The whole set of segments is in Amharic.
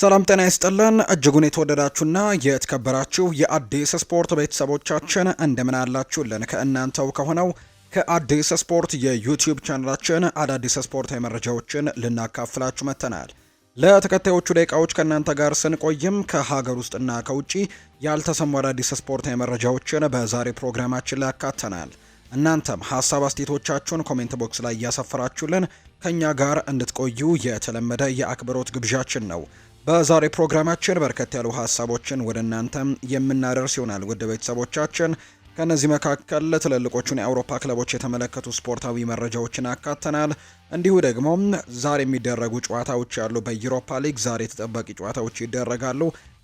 ሰላም ጤና ይስጥልን እጅጉን የተወደዳችሁና የተከበራችሁ የአዲስ ስፖርት ቤተሰቦቻችን እንደምን አላችሁልን? ከእናንተው ከሆነው ከአዲስ ስፖርት የዩቲዩብ ቻናላችን አዳዲስ ስፖርታዊ መረጃዎችን ልናካፍላችሁ መጥተናል። ለተከታዮቹ ደቂቃዎች ከእናንተ ጋር ስንቆይም ከሀገር ውስጥና ከውጭ ያልተሰሙ አዳዲስ ስፖርታዊ መረጃዎችን በዛሬ ፕሮግራማችን ላይ ያካተናል። እናንተም ሀሳብ አስቴቶቻችሁን ኮሜንት ቦክስ ላይ እያሰፈራችሁልን ከእኛ ጋር እንድትቆዩ የተለመደ የአክብሮት ግብዣችን ነው። በዛሬ ፕሮግራማችን በርከት ያሉ ሀሳቦችን ወደ እናንተም የምናደርስ ይሆናል። ውድ ቤተሰቦቻችን ከእነዚህ መካከል ትልልቆቹን የአውሮፓ ክለቦች የተመለከቱ ስፖርታዊ መረጃዎችን አካተናል። እንዲሁ ደግሞ ዛሬ የሚደረጉ ጨዋታዎች ያሉ በዩሮፓ ሊግ ዛሬ ተጠባቂ ጨዋታዎች ይደረጋሉ።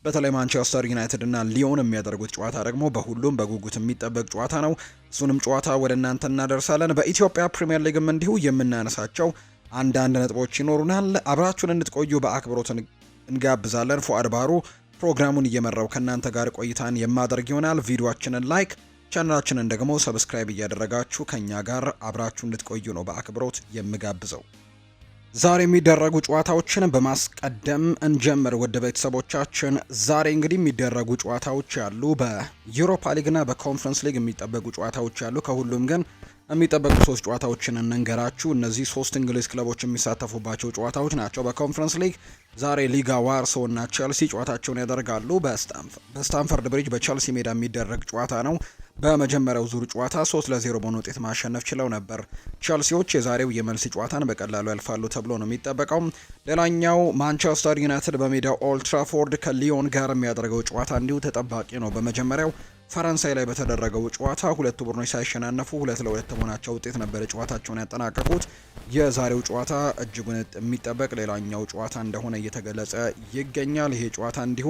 በተለይ ማንቸስተር ዩናይትድ እና ሊዮን የሚያደርጉት ጨዋታ ደግሞ በሁሉም በጉጉት የሚጠበቅ ጨዋታ ነው። እሱንም ጨዋታ ወደ እናንተ እናደርሳለን። በኢትዮጵያ ፕሪምየር ሊግም እንዲሁ የምናነሳቸው አንዳንድ ነጥቦች ይኖሩናል። አብራችሁን እንድትቆዩ በአክብሮት እንጋብዛለን። ፉአድ ባህሩ ፕሮግራሙን እየመራው ከእናንተ ጋር ቆይታን የማደርግ ይሆናል። ቪዲዮችንን ላይክ ቻናላችንን ደግሞ ሰብስክራይብ እያደረጋችሁ ከኛ ጋር አብራችሁ እንድትቆዩ ነው በአክብሮት የምጋብዘው። ዛሬ የሚደረጉ ጨዋታዎችን በማስቀደም እንጀምር። ወደ ቤተሰቦቻችን ዛሬ እንግዲህ የሚደረጉ ጨዋታዎች ያሉ በዩሮፓ ሊግና በኮንፈረንስ ሊግ የሚጠበቁ ጨዋታዎች ያሉ። ከሁሉም ግን የሚጠበቁ ሶስት ጨዋታዎችን እንንገራችሁ። እነዚህ ሶስት እንግሊዝ ክለቦች የሚሳተፉባቸው ጨዋታዎች ናቸው። በኮንፈረንስ ሊግ ዛሬ ሊጋ እና ቸልሲ ጨዋታቸውን ያደርጋሉ። በስታንፈርድ ብሪጅ በቸልሲ ሜዳ የሚደረግ ጨዋታ ነው። በመጀመሪያው ዙር ጨዋታ 3 ለ0 በሆነ ውጤት ማሸነፍ ችለው ነበር። ቸልሲዎች የዛሬው የመልስ ጨዋታን በቀላሉ ያልፋሉ ተብሎ ነው የሚጠበቀው። ሌላኛው ማንቸስተር ዩናይትድ በሜዳ ኦልትራፎርድ ከሊዮን ጋር የሚያደርገው ጨዋታ እንዲሁ ተጠባቂ ነው። በመጀመሪያው ፈረንሳይ ላይ በተደረገው ጨዋታ ሁለቱ ቡድኖች ሳይሸናነፉ ሁለት ለሁለት በሆናቸው ውጤት ነበር ጨዋታቸውን ያጠናቀቁት። የዛሬው ጨዋታ እጅጉን የሚጠበቅ ሌላኛው ጨዋታ እንደሆነ እየተገለጸ ይገኛል። ይሄ ጨዋታ እንዲሁ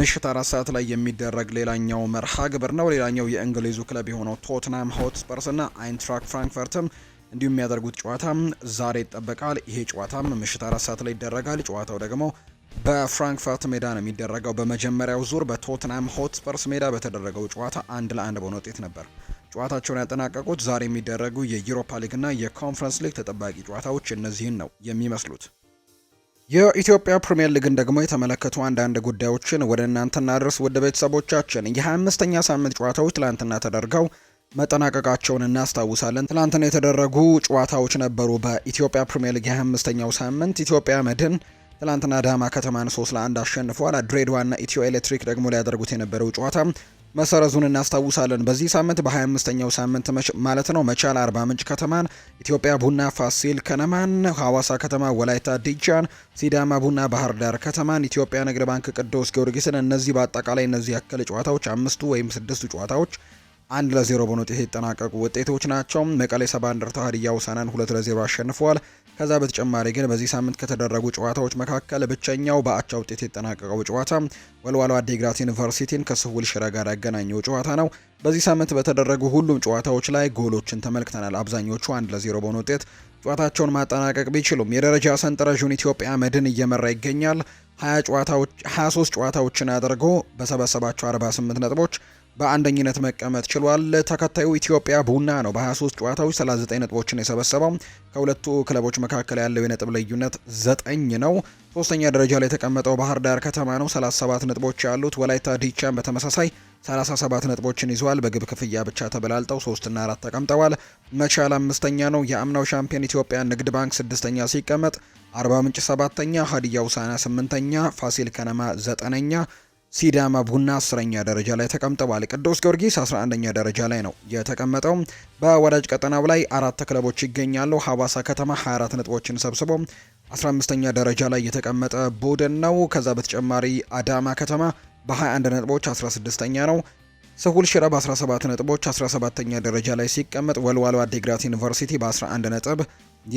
ምሽት አራት ሰዓት ላይ የሚደረግ ሌላኛው መርሃ ግብር ነው። ሌላኛው የእንግሊዙ ክለብ የሆነው ቶትናም ሆትስፐርስና አይንትራክ ፍራንክፈርትም እንዲሁም የሚያደርጉት ጨዋታ ዛሬ ይጠበቃል። ይሄ ጨዋታም ምሽት አራት ሰዓት ላይ ይደረጋል። ጨዋታው ደግሞ በፍራንክፈርት ሜዳ ነው የሚደረገው። በመጀመሪያው ዙር በቶትናም ሆትስፐርስ ሜዳ በተደረገው ጨዋታ አንድ ለአንድ በሆነ ውጤት ነበር ጨዋታቸውን ያጠናቀቁት። ዛሬ የሚደረጉ የዩሮፓ ሊግና የኮንፈረንስ ሊግ ተጠባቂ ጨዋታዎች እነዚህን ነው የሚመስሉት። የኢትዮጵያ ፕሪምየር ሊግን ደግሞ የተመለከቱ አንዳንድ ጉዳዮችን ወደ እናንተ እናድርስ። ውድ ቤተሰቦቻችን የ25ኛ ሳምንት ጨዋታዎች ትላንትና ተደርገው መጠናቀቃቸውን እናስታውሳለን። ትላንትና የተደረጉ ጨዋታዎች ነበሩ። በኢትዮጵያ ፕሪምየር ሊግ የ25ኛው ሳምንት ኢትዮጵያ መድን ትላንትና ዳማ ከተማን 3 ለ1 አሸንፏል። ድሬዳዋና ኢትዮ ኤሌክትሪክ ደግሞ ሊያደርጉት የነበረው ጨዋታ መሰረዙን እናስታውሳለን። በዚህ ሳምንት በ25ኛው ሳምንት ማለት ነው መቻል አርባ ምንጭ ከተማን፣ ኢትዮጵያ ቡና ፋሲል ከነማን፣ ሐዋሳ ከተማ ወላይታ ዲቻን፣ ሲዳማ ቡና ባህር ዳር ከተማን፣ ኢትዮጵያ ንግድ ባንክ ቅዱስ ጊዮርጊስን። እነዚህ በአጠቃላይ እነዚህ ያክል ጨዋታዎች አምስቱ ወይም ስድስቱ ጨዋታዎች አንድ ለዜሮ በሆነ ውጤት የተጠናቀቁ ውጤቶች ናቸው። መቀሌ ሰባ እንደርታ ሀዲያ ሆሳዕናን ሁለት ለዜሮ አሸንፈዋል። ከዛ በተጨማሪ ግን በዚህ ሳምንት ከተደረጉ ጨዋታዎች መካከል ብቸኛው በአቻ ውጤት የተጠናቀቀው ጨዋታ ወልዋሎ አዲግራት ዩኒቨርሲቲን ከስሁል ሽረ ጋር ያገናኘው ጨዋታ ነው። በዚህ ሳምንት በተደረጉ ሁሉም ጨዋታዎች ላይ ጎሎችን ተመልክተናል። አብዛኞቹ አንድ ለዜሮ በሆነ ውጤት ጨዋታቸውን ማጠናቀቅ ቢችሉም የደረጃ ሰንጠረዡን ኢትዮጵያ መድን እየመራ ይገኛል። 23 ጨዋታዎችን አድርጎ በሰበሰባቸው 48 ነጥቦች በአንደኝነት መቀመጥ ችሏል። ተከታዩ ኢትዮጵያ ቡና ነው። በ23 ጨዋታዎች 39 ነጥቦችን የሰበሰበው ከሁለቱ ክለቦች መካከል ያለው የነጥብ ልዩነት ዘጠኝ ነው። ሶስተኛ ደረጃ ላይ የተቀመጠው ባህር ዳር ከተማ ነው 37 ነጥቦች ያሉት። ወላይታ ዲቻን በተመሳሳይ 37 ነጥቦችን ይዘዋል። በግብ ክፍያ ብቻ ተበላልጠው ሶስትና አራት ተቀምጠዋል። መቻል አምስተኛ ነው። የአምናው ሻምፒዮን ኢትዮጵያ ንግድ ባንክ ስድስተኛ ሲቀመጥ፣ አርባ ምንጭ ሰባተኛ፣ ሀዲያ ውሳና ስምንተኛ፣ ፋሲል ከነማ ዘጠነኛ ሲዳማ ቡና አስረኛ ደረጃ ላይ ተቀምጠዋል። ቅዱስ ጊዮርጊስ 11ኛ ደረጃ ላይ ነው የተቀመጠው። በወዳጅ ቀጠናው ላይ አራት ክለቦች ይገኛሉ። ሀዋሳ ከተማ 24 ነጥቦችን ሰብስቦ 15ኛ ደረጃ ላይ የተቀመጠ ቡድን ነው። ከዛ በተጨማሪ አዳማ ከተማ በ21 ነጥቦች 16ኛ ነው። ስሁል ሽረ በ17 ነጥቦች 17ኛ ደረጃ ላይ ሲቀመጥ፣ ወልዋሎ አዲግራት ዩኒቨርሲቲ በ11 ነጥብ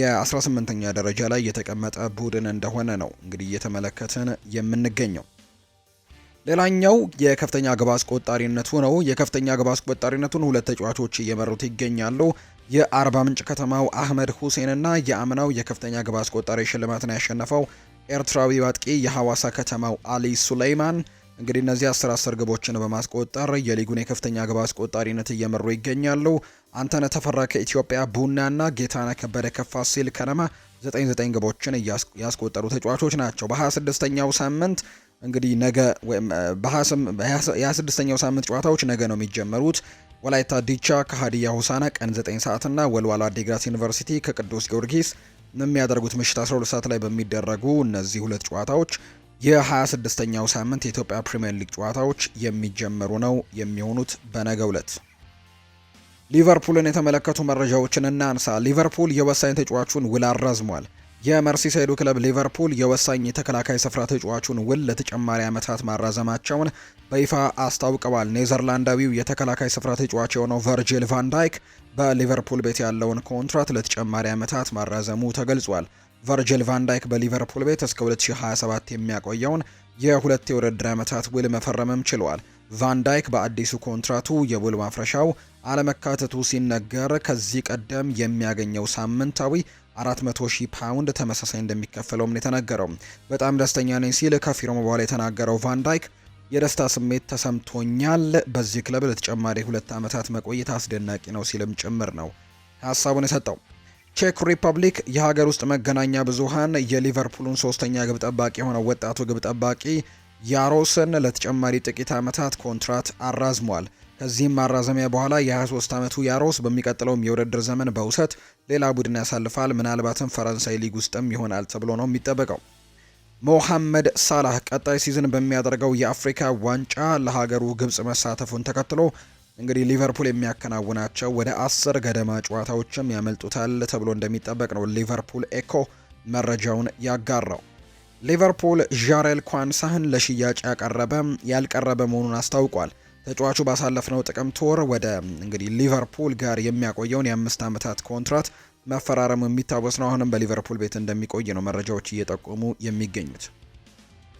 የ18ኛ ደረጃ ላይ የተቀመጠ ቡድን እንደሆነ ነው እንግዲህ እየተመለከትን የምንገኘው። ሌላኛው የከፍተኛ ግብ አስቆጣሪነቱ ነው። የከፍተኛ ግብ አስቆጣሪነቱን ሁለት ተጫዋቾች እየመሩት ይገኛሉ። የአርባ ምንጭ ከተማው አህመድ ሁሴንና የአምናው የከፍተኛ ግብ አስቆጣሪ ሽልማትን ያሸነፈው ኤርትራዊ አጥቂ የሐዋሳ ከተማው አሊ ሱሌይማን እንግዲህ እነዚህ አስር አስር ግቦችን በማስቆጠር የሊጉን የከፍተኛ ግብ አስቆጣሪነት እየመሩ ይገኛሉ። አንተነ ተፈራ ከኢትዮጵያ ቡናና ጌታነህ ከበደ ሲል ከነማ 99 ግቦችን ያስቆጠሩ ተጫዋቾች ናቸው። በ26ኛው ሳምንት እንግዲህ ነገ ወይም በ26ኛው ሳምንት ጨዋታዎች ነገ ነው የሚጀመሩት። ወላይታ ዲቻ ከሀዲያ ሁሳና ቀን 9 ሰዓትና ወልዋሎ አዲግራት ዩኒቨርሲቲ ከቅዱስ ጊዮርጊስ የሚያደርጉት ምሽት 12 ሰዓት ላይ በሚደረጉ እነዚህ ሁለት ጨዋታዎች የ26ኛው ሳምንት የኢትዮጵያ ፕሪምየር ሊግ ጨዋታዎች የሚጀመሩ ነው የሚሆኑት በነገ ዕለት። ሊቨርፑልን የተመለከቱ መረጃዎችን እናንሳ። ሊቨርፑል የወሳኝ ተጫዋቹን ውል አራዝሟል። የመርሲሳይዱ ክለብ ሊቨርፑል የወሳኝ የተከላካይ ስፍራ ተጫዋቹን ውል ለተጨማሪ ዓመታት ማራዘማቸውን በይፋ አስታውቀዋል። ኔዘርላንዳዊው የተከላካይ ስፍራ ተጫዋች የሆነው ቨርጂል ቫን ዳይክ በሊቨርፑል ቤት ያለውን ኮንትራት ለተጨማሪ ዓመታት ማራዘሙ ተገልጿል። ቨርጅል ቫን ዳይክ በሊቨርፑል ቤት እስከ 2027 የሚያቆየውን የሁለት የውድድር ዓመታት ውል መፈረምም ችሏል። ቫን ዳይክ በአዲሱ ኮንትራቱ የውል ማፍረሻው አለመካተቱ ሲነገር ከዚህ ቀደም የሚያገኘው ሳምንታዊ 400 ሺህ ፓውንድ ተመሳሳይ እንደሚከፈለውም ነው በጣም ደስተኛ ነኝ ሲል ከፊርማ በኋላ የተናገረው ቫንዳይክ የደስታ ስሜት ተሰምቶኛል፣ በዚህ ክለብ ለተጨማሪ ሁለት ዓመታት መቆየት አስደናቂ ነው ሲልም ጭምር ነው ሀሳቡን የሰጠው። ቼክ ሪፐብሊክ የሀገር ውስጥ መገናኛ ብዙሃን የሊቨርፑልን ሶስተኛ ግብ ጠባቂ የሆነው ወጣቱ ግብ ጠባቂ ያሮስን ለተጨማሪ ጥቂት ዓመታት ኮንትራት አራዝሟል። ከዚህም ማራዘሚያ በኋላ የ23 ዓመቱ ያሮስ በሚቀጥለውም የውድድር ዘመን በውሰት ሌላ ቡድን ያሳልፋል። ምናልባትም ፈረንሳይ ሊግ ውስጥም ይሆናል ተብሎ ነው የሚጠበቀው። ሞሐመድ ሳላህ ቀጣይ ሲዝን በሚያደርገው የአፍሪካ ዋንጫ ለሀገሩ ግብጽ መሳተፉን ተከትሎ እንግዲህ ሊቨርፑል የሚያከናውናቸው ወደ አስር ገደማ ጨዋታዎችም ያመልጡታል ተብሎ እንደሚጠበቅ ነው ሊቨርፑል ኤኮ መረጃውን ያጋራው። ሊቨርፑል ዣሬል ኳንሳህን ለሽያጭ ያቀረበ ያልቀረበ መሆኑን አስታውቋል። ተጫዋቹ ባሳለፍነው ጥቅምት ወር ወደ እንግዲህ ሊቨርፑል ጋር የሚያቆየውን የአምስት ዓመታት ኮንትራት መፈራረሙ የሚታወስ ነው። አሁንም በሊቨርፑል ቤት እንደሚቆይ ነው መረጃዎች እየጠቆሙ የሚገኙት።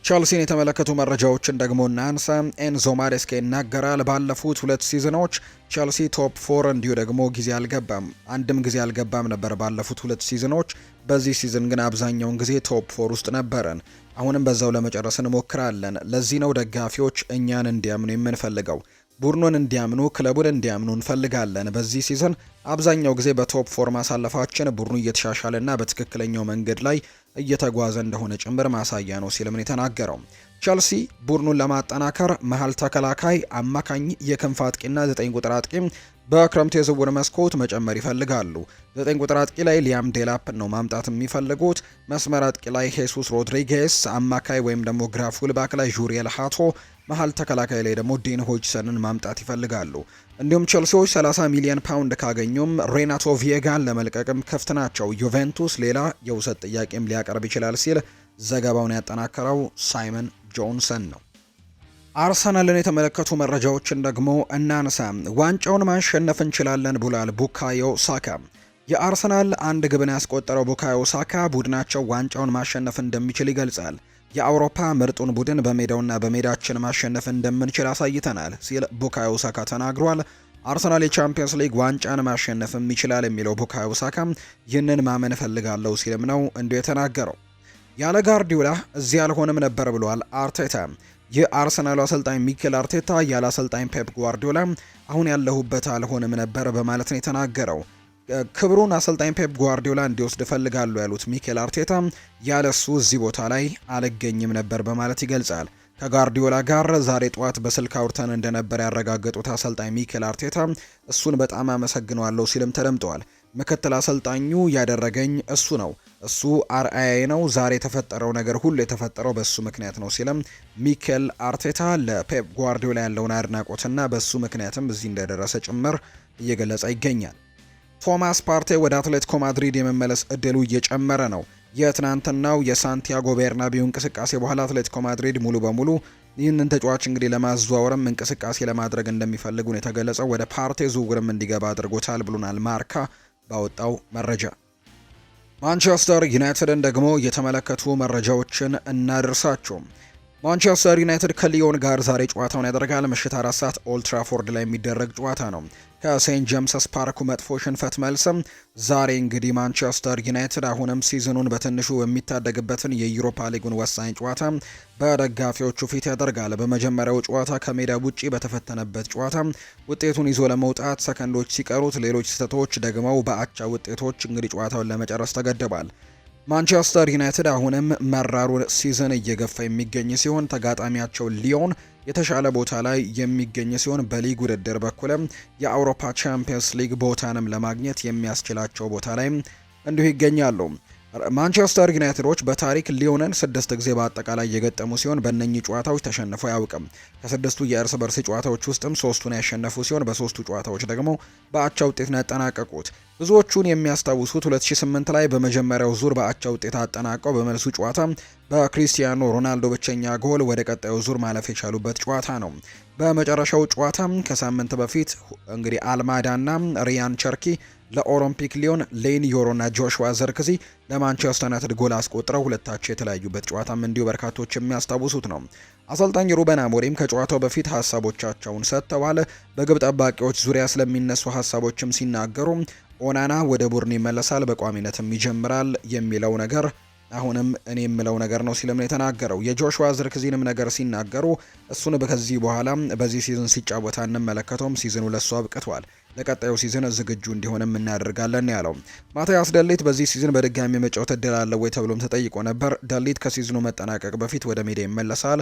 ቸልሲን የተመለከቱ መረጃዎችን ደግሞ እናንሳ። ኤንዞ ማሬስካ ይናገራል። ባለፉት ሁለት ሲዝኖች ቸልሲ ቶፕ ፎር እንዲሁ ደግሞ ጊዜ አልገባም አንድም ጊዜ አልገባም ነበር ባለፉት ሁለት ሲዝኖች። በዚህ ሲዝን ግን አብዛኛውን ጊዜ ቶፕ ፎር ውስጥ ነበረን። አሁንም በዛው ለመጨረስ እንሞክራለን። ለዚህ ነው ደጋፊዎች እኛን እንዲያምኑ የምንፈልገው። ቡድኑን እንዲያምኑ፣ ክለቡን እንዲያምኑ እንፈልጋለን። በዚህ ሲዝን አብዛኛው ጊዜ በቶፕ ፎር ማሳለፋችን ቡድኑ እየተሻሻለና በትክክለኛው መንገድ ላይ እየተጓዘ እንደሆነ ጭምር ማሳያ ነው ሲልም ነው የተናገረው። ቸልሲ ቡድኑን ለማጠናከር መሀል ተከላካይ፣ አማካኝ፣ የክንፍ አጥቂና ዘጠኝ ቁጥር አጥቂም በክረምት የዝውውር መስኮት መጨመር ይፈልጋሉ። ዘጠኝ ቁጥር አጥቂ ላይ ሊያም ዴላፕ ነው ማምጣት የሚፈልጉት። መስመር አጥቂ ላይ ሄሱስ ሮድሪጌስ፣ አማካይ ወይም ደግሞ ግራ ፉልባክ ላይ ዡሪየል ሃቶ፣ መሀል ተከላካይ ላይ ደግሞ ዲን ሆጅሰንን ማምጣት ይፈልጋሉ። እንዲሁም ቼልሲዎች 30 ሚሊዮን ፓውንድ ካገኙም ሬናቶ ቪየጋን ለመልቀቅም ክፍት ናቸው። ዩቬንቱስ ሌላ የውሰት ጥያቄም ሊያቀርብ ይችላል ሲል ዘገባውን ያጠናከረው ሳይመን ጆንሰን ነው። አርሰናልን የተመለከቱ መረጃዎችን ደግሞ እናንሳ። ዋንጫውን ማሸነፍ እንችላለን ብሏል ቡካዮ ሳካ። የአርሰናል አንድ ግብን ያስቆጠረው ቡካዮ ሳካ ቡድናቸው ዋንጫውን ማሸነፍ እንደሚችል ይገልጻል። የአውሮፓ ምርጡን ቡድን በሜዳውና በሜዳችን ማሸነፍ እንደምንችል አሳይተናል ሲል ቡካዮ ሳካ ተናግሯል። አርሰናል የቻምፒየንስ ሊግ ዋንጫን ማሸነፍም ይችላል የሚለው ቡካዮ ሳካ ይህንን ማመን እፈልጋለሁ ሲልም ነው እንዲሁ የተናገረው። ያለ ጋርዲዮላ እዚህ አልሆንም ነበር ብሏል አርቴታ። የአርሰናሉ አሰልጣኝ ሚኬል አርቴታ ያለ አሰልጣኝ ፔፕ ጓርዲዮላ አሁን ያለሁበት አልሆንም ነበር በማለት ነው የተናገረው። ክብሩን አሰልጣኝ ፔፕ ጓርዲዮላ እንዲወስድ እፈልጋለሁ ያሉት ሚኬል አርቴታ ያለሱ እዚህ ቦታ ላይ አልገኝም ነበር በማለት ይገልጻል። ከጓርዲዮላ ጋር ዛሬ ጠዋት በስልክ አውርተን እንደነበር ያረጋገጡት አሰልጣኝ ሚኬል አርቴታ እሱን በጣም አመሰግነዋለሁ ሲልም ተደምጠዋል። ምክትል አሰልጣኙ ያደረገኝ እሱ ነው። እሱ አርአያዬ ነው። ዛሬ የተፈጠረው ነገር ሁሉ የተፈጠረው በሱ ምክንያት ነው ሲልም ሚኬል አርቴታ ለፔፕ ጓርዲዮላ ያለውን አድናቆትና በሱ ምክንያትም እዚህ እንደደረሰ ጭምር እየገለጸ ይገኛል። ቶማስ ፓርቴ ወደ አትሌቲኮ ማድሪድ የመመለስ እድሉ እየጨመረ ነው። የትናንትናው የሳንቲያጎ ቤርናቢው እንቅስቃሴ በኋላ አትሌቲኮ ማድሪድ ሙሉ በሙሉ ይህንን ተጫዋች እንግዲህ ለማዘዋወርም እንቅስቃሴ ለማድረግ እንደሚፈልጉ ነው የተገለጸው። ወደ ፓርቴ ዝውውርም እንዲገባ አድርጎታል ብሎናል ማርካ ባወጣው መረጃ። ማንቸስተር ዩናይትድን ደግሞ የተመለከቱ መረጃዎችን እናደርሳችሁም። ማንቸስተር ዩናይትድ ከሊዮን ጋር ዛሬ ጨዋታውን ያደርጋል። ምሽት አራት ሰዓት ኦልትራፎርድ ላይ የሚደረግ ጨዋታ ነው። ከሴንት ጀምሰስ ፓርኩ መጥፎ ሽንፈት መልስም ዛሬ እንግዲህ ማንቸስተር ዩናይትድ አሁንም ሲዝኑን በትንሹ የሚታደግበትን የዩሮፓ ሊጉን ወሳኝ ጨዋታ በደጋፊዎቹ ፊት ያደርጋል። በመጀመሪያው ጨዋታ ከሜዳ ውጪ በተፈተነበት ጨዋታ ውጤቱን ይዞ ለመውጣት ሰከንዶች ሲቀሩት ሌሎች ስህተቶች ደግመው በአቻ ውጤቶች እንግዲህ ጨዋታውን ለመጨረስ ተገድቧል። ማንቸስተር ዩናይትድ አሁንም መራሩን ሲዝን እየገፋ የሚገኝ ሲሆን ተጋጣሚያቸው ሊዮን የተሻለ ቦታ ላይ የሚገኝ ሲሆን በሊግ ውድድር በኩልም የአውሮፓ ቻምፒየንስ ሊግ ቦታንም ለማግኘት የሚያስችላቸው ቦታ ላይ እንዲሁ ይገኛሉ። ማንቸስተር ዩናይትዶች በታሪክ ሊዮንን ስድስት ጊዜ በአጠቃላይ የገጠሙ ሲሆን በእነኚህ ጨዋታዎች ተሸንፈው አያውቅም። ከስድስቱ የእርስ በርስ ጨዋታዎች ውስጥም ሶስቱን ያሸነፉ ሲሆን በሶስቱ ጨዋታዎች ደግሞ በአቻ ውጤት ነው ያጠናቀቁት። ብዙዎቹን የሚያስታውሱት 2008 ላይ በመጀመሪያው ዙር በአቻ ውጤት አጠናቀው በመልሱ ጨዋታ በክሪስቲያኖ ሮናልዶ ብቸኛ ጎል ወደ ቀጣዩ ዙር ማለፍ የቻሉበት ጨዋታ ነው። በመጨረሻው ጨዋታ ከሳምንት በፊት እንግዲህ አልማዳና ሪያን ቸርኪ ለኦሎምፒክ ሊዮን ሌኒ ዮሮና ጆሹዋ ዘርክዚ ለማንቸስተር ዩናይትድ ጎል አስቆጥረው ሁለታቸው የተለያዩበት ጨዋታም እንዲሁ በርካቶች የሚያስታውሱት ነው። አሰልጣኝ ሩበን አሞሪም ከጨዋታው በፊት ሀሳቦቻቸውን ሰጥተዋል። በግብ ጠባቂዎች ዙሪያ ስለሚነሱ ሀሳቦችም ሲናገሩ ኦናና ወደ ቡርን ይመለሳል፣ በቋሚነትም ይጀምራል የሚለው ነገር አሁንም እኔ የምለው ነገር ነው ሲልም ነው የተናገረው። የጆሹዋ ዝርክዚንም ነገር ሲናገሩ እሱን ከዚህ በኋላ በዚህ ሲዝን ሲጫወታ እንመለከተውም፣ ሲዝኑ ለሱ አብቅቷል። ለቀጣዩ ሲዝን ዝግጁ እንዲሆንም እናደርጋለን ያለው ማቲያስ ደሊት በዚህ ሲዝን በድጋሚ መጫወት እድል አለ ወይ ተብሎም ተጠይቆ ነበር። ደሊት ከሲዝኑ መጠናቀቅ በፊት ወደ ሜዳ ይመለሳል።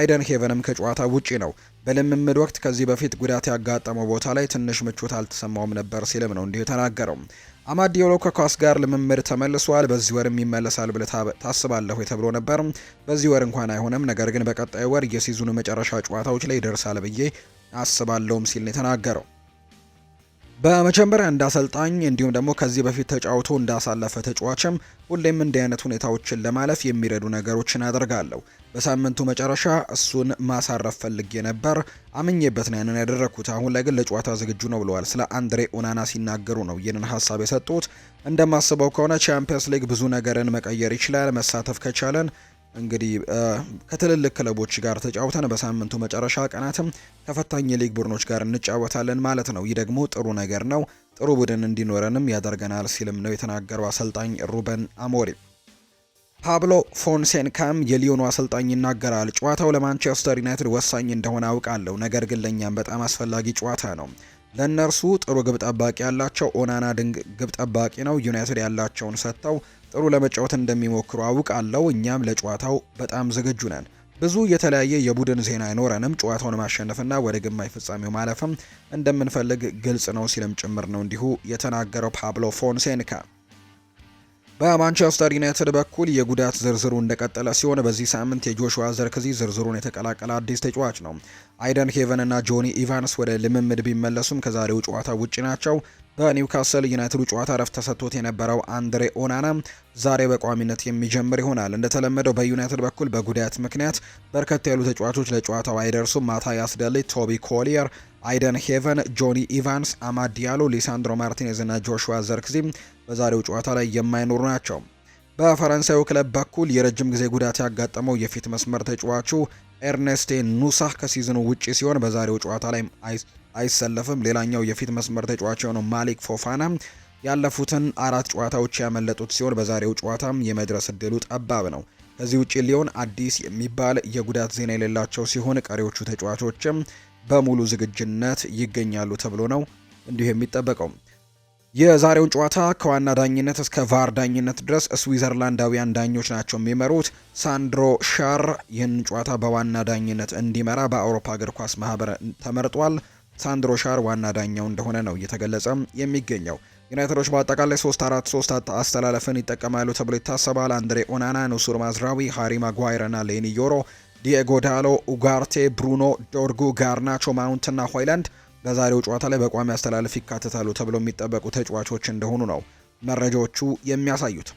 አይደን ሄቨንም ከጨዋታ ውጪ ነው። በልምምድ ወቅት ከዚህ በፊት ጉዳት ያጋጠመው ቦታ ላይ ትንሽ ምቾት አልተሰማውም ነበር ሲልም ነው እንዲሁ የተናገረው። አማድ ዲዮሎ ከኳስ ጋር ልምምድ ተመልሷል። በዚህ ወርም ይመለሳል ብለ ታስባለሁ ወይ ተብሎ ነበር። በዚህ ወር እንኳን አይሆንም፣ ነገር ግን በቀጣይ ወር የሲዝኑ መጨረሻ ጨዋታዎች ላይ ይደርሳል ብዬ አስባለሁም ሲል ነው የተናገረው። በመጀመሪያ እንደ አሰልጣኝ እንዲሁም ደግሞ ከዚህ በፊት ተጫውቶ እንዳሳለፈ ተጫዋችም ሁሌም እንዲህ አይነት ሁኔታዎችን ለማለፍ የሚረዱ ነገሮችን አደርጋለሁ። በሳምንቱ መጨረሻ እሱን ማሳረፍ ፈልጌ ነበር፣ አምኜበት ነው ያንን ያደረግኩት። አሁን ላይ ግን ለጨዋታ ዝግጁ ነው ብለዋል። ስለ አንድሬ ኦናና ሲናገሩ ነው ይህንን ሀሳብ የሰጡት። እንደማስበው ከሆነ ቻምፒየንስ ሊግ ብዙ ነገርን መቀየር ይችላል። መሳተፍ ከቻለን እንግዲህ ከትልልቅ ክለቦች ጋር ተጫውተን በሳምንቱ መጨረሻ ቀናትም ከፈታኝ የሊግ ቡድኖች ጋር እንጫወታለን ማለት ነው። ይህ ደግሞ ጥሩ ነገር ነው፣ ጥሩ ቡድን እንዲኖረንም ያደርገናል ሲልም ነው የተናገረው አሰልጣኝ ሩበን አሞሪ ፓብሎ ፎንሴንካም የሊዮኑ አሰልጣኝ ይናገራል። ጨዋታው ለማንቸስተር ዩናይትድ ወሳኝ እንደሆነ አውቃለሁ፣ ነገር ግን ለእኛም በጣም አስፈላጊ ጨዋታ ነው። ለእነርሱ ጥሩ ግብ ጠባቂ ያላቸው ኦናና ድንቅ ግብ ጠባቂ ነው። ዩናይትድ ያላቸውን ሰጥተው ጥሩ ለመጫወት እንደሚሞክሩ አውቃለሁ። እኛም ለጨዋታው በጣም ዝግጁ ነን። ብዙ የተለያየ የቡድን ዜና አይኖረንም። ጨዋታውን ማሸነፍና ወደ ግማሽ ፍጻሜው ማለፍም እንደምንፈልግ ግልጽ ነው ሲልም ጭምር ነው እንዲሁ የተናገረው ፓብሎ ፎንሴንካ። በማንቸስተር ዩናይትድ በኩል የጉዳት ዝርዝሩ እንደቀጠለ ሲሆን በዚህ ሳምንት የጆሹዋ ዘርክዚ ዝርዝሩን የተቀላቀለ አዲስ ተጫዋች ነው። አይደን ሄቨን እና ጆኒ ኢቫንስ ወደ ልምምድ ቢመለሱም ከዛሬው ጨዋታ ውጪ ናቸው። በኒውካስል ዩናይትዱ ጨዋታ ረፍት ተሰጥቶት የነበረው አንድሬ ኦናና ዛሬ በቋሚነት የሚጀምር ይሆናል። እንደተለመደው በዩናይትድ በኩል በጉዳት ምክንያት በርከት ያሉ ተጫዋቾች ለጨዋታው አይደርሱም። ማታያስ ደልይ፣ ቶቢ ኮሊየር አይደን ሄቨን፣ ጆኒ ኢቫንስ፣ አማድ ዲያሎ፣ ሊሳንድሮ ማርቲኔዝ እና ጆሹዋ ዘርክዚ በዛሬው ጨዋታ ላይ የማይኖሩ ናቸው። በፈረንሳዩ ክለብ በኩል የረጅም ጊዜ ጉዳት ያጋጠመው የፊት መስመር ተጫዋቹ ኤርኔስቴ ኑሳህ ከሲዝኑ ውጪ ሲሆን በዛሬው ጨዋታ ላይ አይሰለፍም። ሌላኛው የፊት መስመር ተጫዋች የሆነው ማሊክ ፎፋና ያለፉትን አራት ጨዋታዎች ያመለጡት ሲሆን በዛሬው ጨዋታም የመድረስ እድሉ ጠባብ ነው። ከዚህ ውጪ ሊሆን አዲስ የሚባል የጉዳት ዜና የሌላቸው ሲሆን ቀሪዎቹ ተጫዋቾችም በሙሉ ዝግጅነት ይገኛሉ ተብሎ ነው እንዲሁ የሚጠበቀው። የዛሬውን ጨዋታ ከዋና ዳኝነት እስከ ቫር ዳኝነት ድረስ ስዊዘርላንዳውያን ዳኞች ናቸው የሚመሩት። ሳንድሮ ሻር ይህን ጨዋታ በዋና ዳኝነት እንዲመራ በአውሮፓ እግር ኳስ ማህበር ተመርጧል። ሳንድሮ ሻር ዋና ዳኛው እንደሆነ ነው እየተገለጸ የሚገኘው። ዩናይትዶች በአጠቃላይ 3 4 3 አስተላለፍን ይጠቀማሉ ተብሎ ይታሰባል። አንድሬ ኦናና፣ ኑሱር ማዝራዊ፣ ሃሪ ማጓይር ና ሌኒ ዮሮ ዲኤጎ ዳሎ፣ ኡጋርቴ፣ ብሩኖ ዶርጉ፣ ጋርናቾ፣ ማውንትና ሆይላንድ በዛሬው ጨዋታ ላይ በቋሚ አስተላለፍ ይካተታሉ ተብሎ የሚጠበቁ ተጫዋቾች እንደሆኑ ነው መረጃዎቹ የሚያሳዩት።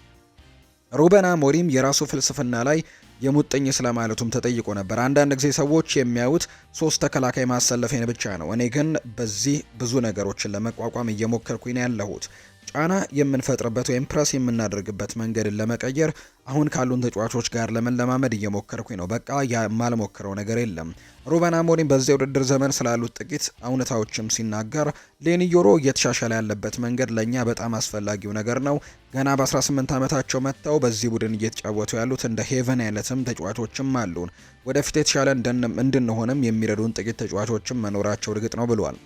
ሩበን አሞሪም የራሱ ፍልስፍና ላይ የሙጥኝ ስለማለቱም ተጠይቆ ነበር። አንዳንድ ጊዜ ሰዎች የሚያዩት ሶስት ተከላካይ ማሰለፌን ብቻ ነው። እኔ ግን በዚህ ብዙ ነገሮችን ለመቋቋም እየሞከርኩኝ ያለሁት ጫና የምንፈጥርበት ወይም ፕረስ የምናደርግበት መንገድን ለመቀየር አሁን ካሉን ተጫዋቾች ጋር ለመለማመድ እየሞከርኩኝ ነው። በቃ የማልሞክረው ነገር የለም። ሩበን አሞሪም በዚያ ውድድር ዘመን ስላሉት ጥቂት እውነታዎችም ሲናገር ሌኒዮሮ እየተሻሻለ ያለበት መንገድ ለእኛ በጣም አስፈላጊው ነገር ነው። ገና በ18 ዓመታቸው መጥተው በዚህ ቡድን እየተጫወቱ ያሉት እንደ ሄቨን አይነትም ተጫዋቾችም አሉን። ወደፊት የተሻለ እንድንሆንም የሚረዱን ጥቂት ተጫዋቾችም መኖራቸው እርግጥ ነው ብሏል።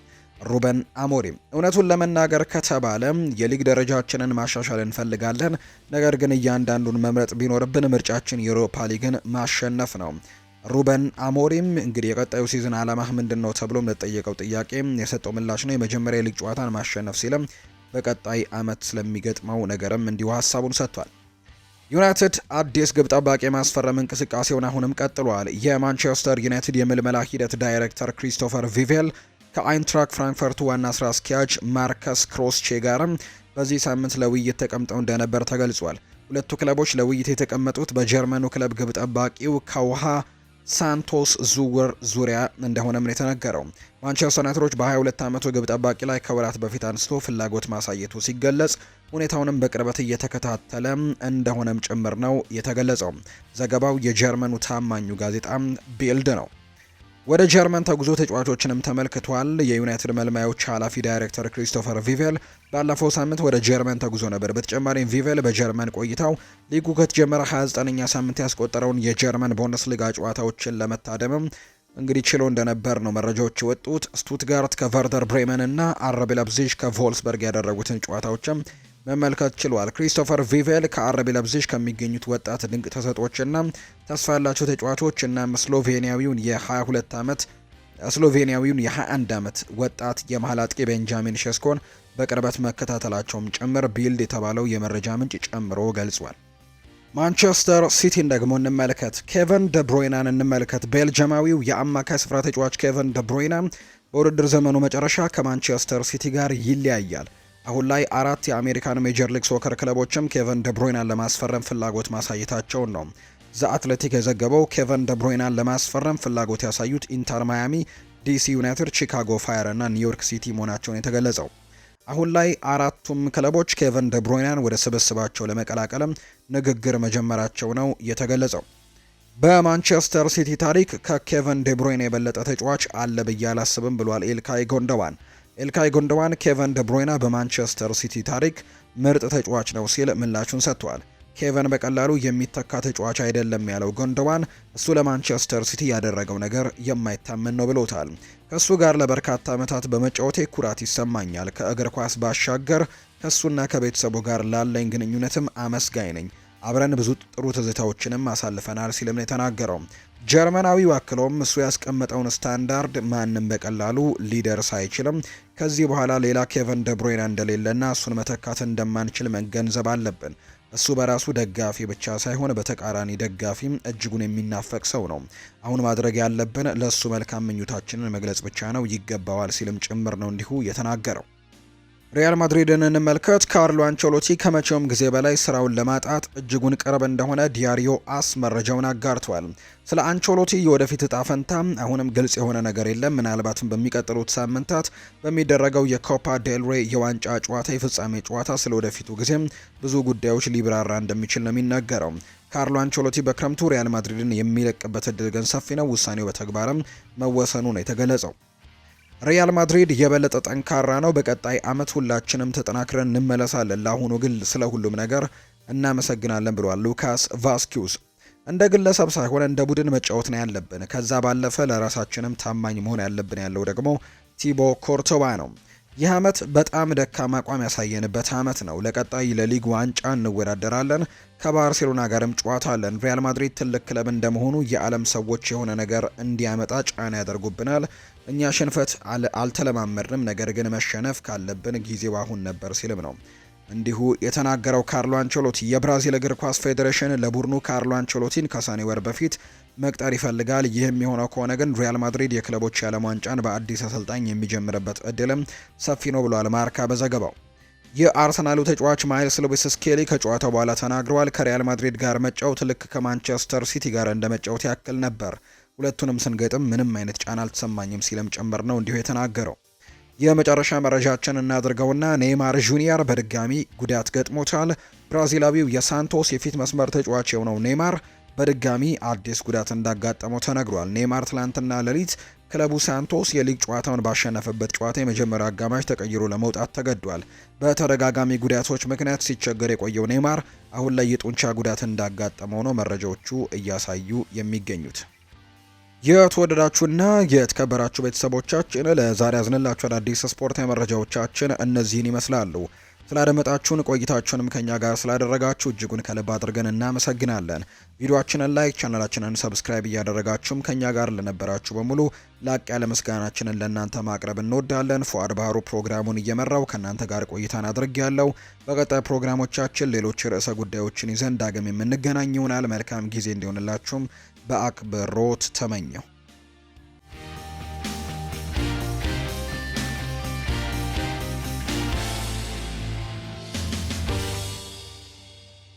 ሩበን አሞሪም እውነቱን ለመናገር ከተባለ የሊግ ደረጃችንን ማሻሻል እንፈልጋለን። ነገር ግን እያንዳንዱን መምረጥ ቢኖርብን ምርጫችን የአውሮፓ ሊግን ማሸነፍ ነው። ሩበን አሞሪም እንግዲህ የቀጣዩ ሲዝን ዓላማህ ምንድን ነው ተብሎ ለጠየቀው ጥያቄ የሰጠው ምላሽ ነው የመጀመሪያ የሊግ ጨዋታን ማሸነፍ ሲልም በቀጣይ ዓመት ስለሚገጥመው ነገርም እንዲሁ ሀሳቡን ሰጥቷል። ዩናይትድ አዲስ ግብ ጠባቂ የማስፈረም እንቅስቃሴውን አሁንም ቀጥሏል። የማንቸስተር ዩናይትድ የምልመላ ሂደት ዳይሬክተር ክሪስቶፈር ቪቬል ከአይንትራክ ፍራንክፈርቱ ዋና ስራ አስኪያጅ ማርከስ ክሮስቼ ጋርም በዚህ ሳምንት ለውይይት ተቀምጠው እንደነበር ተገልጿል። ሁለቱ ክለቦች ለውይይት የተቀመጡት በጀርመኑ ክለብ ግብ ጠባቂው ከውሃ ሳንቶስ ዝውውር ዙሪያ እንደሆነም ነው የተነገረው። ማንቸስተር ዩናይትዶች በ22 ዓመቱ ግብ ጠባቂ ላይ ከወራት በፊት አንስቶ ፍላጎት ማሳየቱ ሲገለጽ ሁኔታውንም በቅርበት እየተከታተለ እንደሆነም ጭምር ነው የተገለጸው። ዘገባው የጀርመኑ ታማኙ ጋዜጣ ቢልድ ነው። ወደ ጀርመን ተጉዞ ተጫዋቾችንም ተመልክቷል። የዩናይትድ መልማዮች ኃላፊ ዳይሬክተር ክሪስቶፈር ቪቬል ባለፈው ሳምንት ወደ ጀርመን ተጉዞ ነበር። በተጨማሪም ቪቬል በጀርመን ቆይታው ሊጉ ከተጀመረ 29ኛ ሳምንት ያስቆጠረውን የጀርመን ቡንደስሊጋ ጨዋታዎችን ለመታደምም እንግዲህ ችሎ እንደነበር ነው መረጃዎች የወጡት። ስቱትጋርት ከቨርደር ብሬመን እና አረቤ ከቮልስበርግ ያደረጉትን ጨዋታዎችም መመልከት ችሏል። ክሪስቶፈር ቪቬል ከአረቢ ለብዚሽ ከሚገኙት ወጣት ድንቅ ተሰጦችና ተስፋ ያላቸው ተጫዋቾች ና ስሎቬኒያዊውን የ22 ዓመት ስሎቬኒያዊውን የ21 ዓመት ወጣት የመሀል አጥቂ ቤንጃሚን ሸስኮን በቅርበት መከታተላቸውም ጭምር ቢልድ የተባለው የመረጃ ምንጭ ጨምሮ ገልጿል። ማንቸስተር ሲቲን ደግሞ እንመልከት። ኬቨን ደብሮይናን እንመልከት። ቤልጅማዊው የአማካይ ስፍራ ተጫዋች ኬቨን ደብሮይና በውድድር ዘመኑ መጨረሻ ከማንቸስተር ሲቲ ጋር ይለያያል። አሁን ላይ አራት የአሜሪካን ሜጀር ሊግ ሶከር ክለቦችም ኬቨን ደብሮይናን ለማስፈረም ፍላጎት ማሳየታቸውን ነው ዘ አትሌቲክ የዘገበው። ኬቨን ደብሮይናን ለማስፈረም ፍላጎት ያሳዩት ኢንተር ማያሚ፣ ዲሲ ዩናይትድ፣ ቺካጎ ፋየር እና ኒውዮርክ ሲቲ መሆናቸውን የተገለጸው። አሁን ላይ አራቱም ክለቦች ኬቨን ደብሮይናን ወደ ስብስባቸው ለመቀላቀልም ንግግር መጀመራቸው ነው የተገለጸው። በማንቸስተር ሲቲ ታሪክ ከኬቨን ደብሮይና የበለጠ ተጫዋች አለ ብዬ አላስብም ብሏል ኤልካይ ጎንደዋን። ኤልካይ ጎንደዋን ኬቨን ደብሮይና በማንቸስተር ሲቲ ታሪክ ምርጥ ተጫዋች ነው ሲል ምላሹን ሰጥቷል። ኬቨን በቀላሉ የሚተካ ተጫዋች አይደለም ያለው ጎንደዋን እሱ ለማንቸስተር ሲቲ ያደረገው ነገር የማይታመን ነው ብሎታል። ከእሱ ጋር ለበርካታ ዓመታት በመጫወቴ ኩራት ይሰማኛል። ከእግር ኳስ ባሻገር ከእሱና ከቤተሰቡ ጋር ላለኝ ግንኙነትም አመስጋኝ ነኝ። አብረን ብዙ ጥሩ ትዝታዎችንም አሳልፈናል ሲልም ነው የተናገረው። ጀርመናዊው አክሎም እሱ ያስቀመጠውን ስታንዳርድ ማንም በቀላሉ ሊደርስ አይችልም፣ ከዚህ በኋላ ሌላ ኬቨን ደብሮይና እንደሌለና እሱን መተካት እንደማንችል መገንዘብ አለብን። እሱ በራሱ ደጋፊ ብቻ ሳይሆን በተቃራኒ ደጋፊም እጅጉን የሚናፈቅ ሰው ነው። አሁን ማድረግ ያለብን ለእሱ መልካም ምኞታችንን መግለጽ ብቻ ነው፣ ይገባዋል ሲልም ጭምር ነው እንዲሁ የተናገረው። ሪያል ማድሪድን እንመልከት። ካርሎ አንቸሎቲ ከመቼውም ጊዜ በላይ ስራውን ለማጣት እጅጉን ቅርብ እንደሆነ ዲያሪዮ አስ መረጃውን አጋርቷል። ስለ አንቸሎቲ የወደፊት እጣ ፈንታ አሁንም ግልጽ የሆነ ነገር የለም። ምናልባትም በሚቀጥሉት ሳምንታት በሚደረገው የኮፓ ዴልሬ የዋንጫ ጨዋታ የፍጻሜ ጨዋታ ስለ ወደፊቱ ጊዜም ብዙ ጉዳዮች ሊብራራ እንደሚችል ነው የሚነገረው። ካርሎ አንቸሎቲ በክረምቱ ሪያል ማድሪድን የሚለቅበት እድል ግን ሰፊ ነው። ውሳኔው በተግባርም መወሰኑ ነው የተገለጸው። ሪያል ማድሪድ የበለጠ ጠንካራ ነው። በቀጣይ አመት ሁላችንም ተጠናክረን እንመለሳለን። ለአሁኑ ግል ስለ ሁሉም ነገር እናመሰግናለን ብሏል ሉካስ ቫስኪዩስ። እንደ ግለሰብ ሳይሆን እንደ ቡድን መጫወት ነው ያለብን። ከዛ ባለፈ ለራሳችንም ታማኝ መሆን ያለብን ያለው ደግሞ ቲቦ ኮርቶባ ነው። ይህ አመት በጣም ደካማ አቋም ያሳየንበት አመት ነው። ለቀጣይ ለሊግ ዋንጫ እንወዳደራለን። ከባርሴሎና ጋርም ጨዋታ አለን። ሪያል ማድሪድ ትልቅ ክለብ እንደመሆኑ የዓለም ሰዎች የሆነ ነገር እንዲያመጣ ጫና ያደርጉብናል። እኛ ሽንፈት አልተለማመድንም፣ ነገር ግን መሸነፍ ካለብን ጊዜው አሁን ነበር ሲልም ነው እንዲሁ የተናገረው ካርሎ አንቸሎቲ። የብራዚል እግር ኳስ ፌዴሬሽን ለቡድኑ ካርሎ አንቸሎቲን ከሰኔ ወር በፊት መቅጠር ይፈልጋል። ይህም የሆነው ከሆነ ግን ሪያል ማድሪድ የክለቦች የዓለም ዋንጫን በአዲስ አሰልጣኝ የሚጀምርበት እድልም ሰፊ ነው ብሏል ማርካ በዘገባው። የአርሰናሉ ተጫዋች ማይልስ ሉዊስ ስኬሊ ከጨዋታው በኋላ ተናግረዋል። ከሪያል ማድሪድ ጋር መጫወት ልክ ከማንቸስተር ሲቲ ጋር እንደመጫወት ያክል ነበር ሁለቱንም ስንገጥም ምንም አይነት ጫና አልተሰማኝም ሲልም ጭምር ነው እንዲሁ የተናገረው። የመጨረሻ መረጃችን እናድርገውና ኔይማር ጁኒየር በድጋሚ ጉዳት ገጥሞታል። ብራዚላዊው የሳንቶስ የፊት መስመር ተጫዋች የሆነው ኔይማር በድጋሚ አዲስ ጉዳት እንዳጋጠመው ተነግሯል። ኔይማር ትላንትና ሌሊት ክለቡ ሳንቶስ የሊግ ጨዋታውን ባሸነፈበት ጨዋታ የመጀመሪያ አጋማሽ ተቀይሮ ለመውጣት ተገዷል። በተደጋጋሚ ጉዳቶች ምክንያት ሲቸገር የቆየው ኔይማር አሁን ላይ የጡንቻ ጉዳት እንዳጋጠመው ነው መረጃዎቹ እያሳዩ የሚገኙት። የተወደዳችሁና የተከበራችሁ ቤተሰቦቻችን ለዛሬ ያዝንላችሁ አዳዲስ ስፖርታዊ መረጃዎቻችን እነዚህን ይመስላሉ። ስላደመጣችሁን ቆይታችሁንም ከኛ ጋር ስላደረጋችሁ እጅጉን ከልብ አድርገን እናመሰግናለን። ቪዲዮችንን ላይክ፣ ቻናላችንን ሰብስክራይብ እያደረጋችሁም ከኛ ጋር ለነበራችሁ በሙሉ ላቅ ያለ ምስጋናችንን ለእናንተ ማቅረብ እንወዳለን። ፉአድ ባህሩ ፕሮግራሙን እየመራው ከእናንተ ጋር ቆይታን አድርግ ያለው። በቀጣይ ፕሮግራሞቻችን ሌሎች ርዕሰ ጉዳዮችን ይዘን ዳግም የምንገናኝ ይሆናል። መልካም ጊዜ እንዲሆንላችሁም በአክብሮት ተመኘው።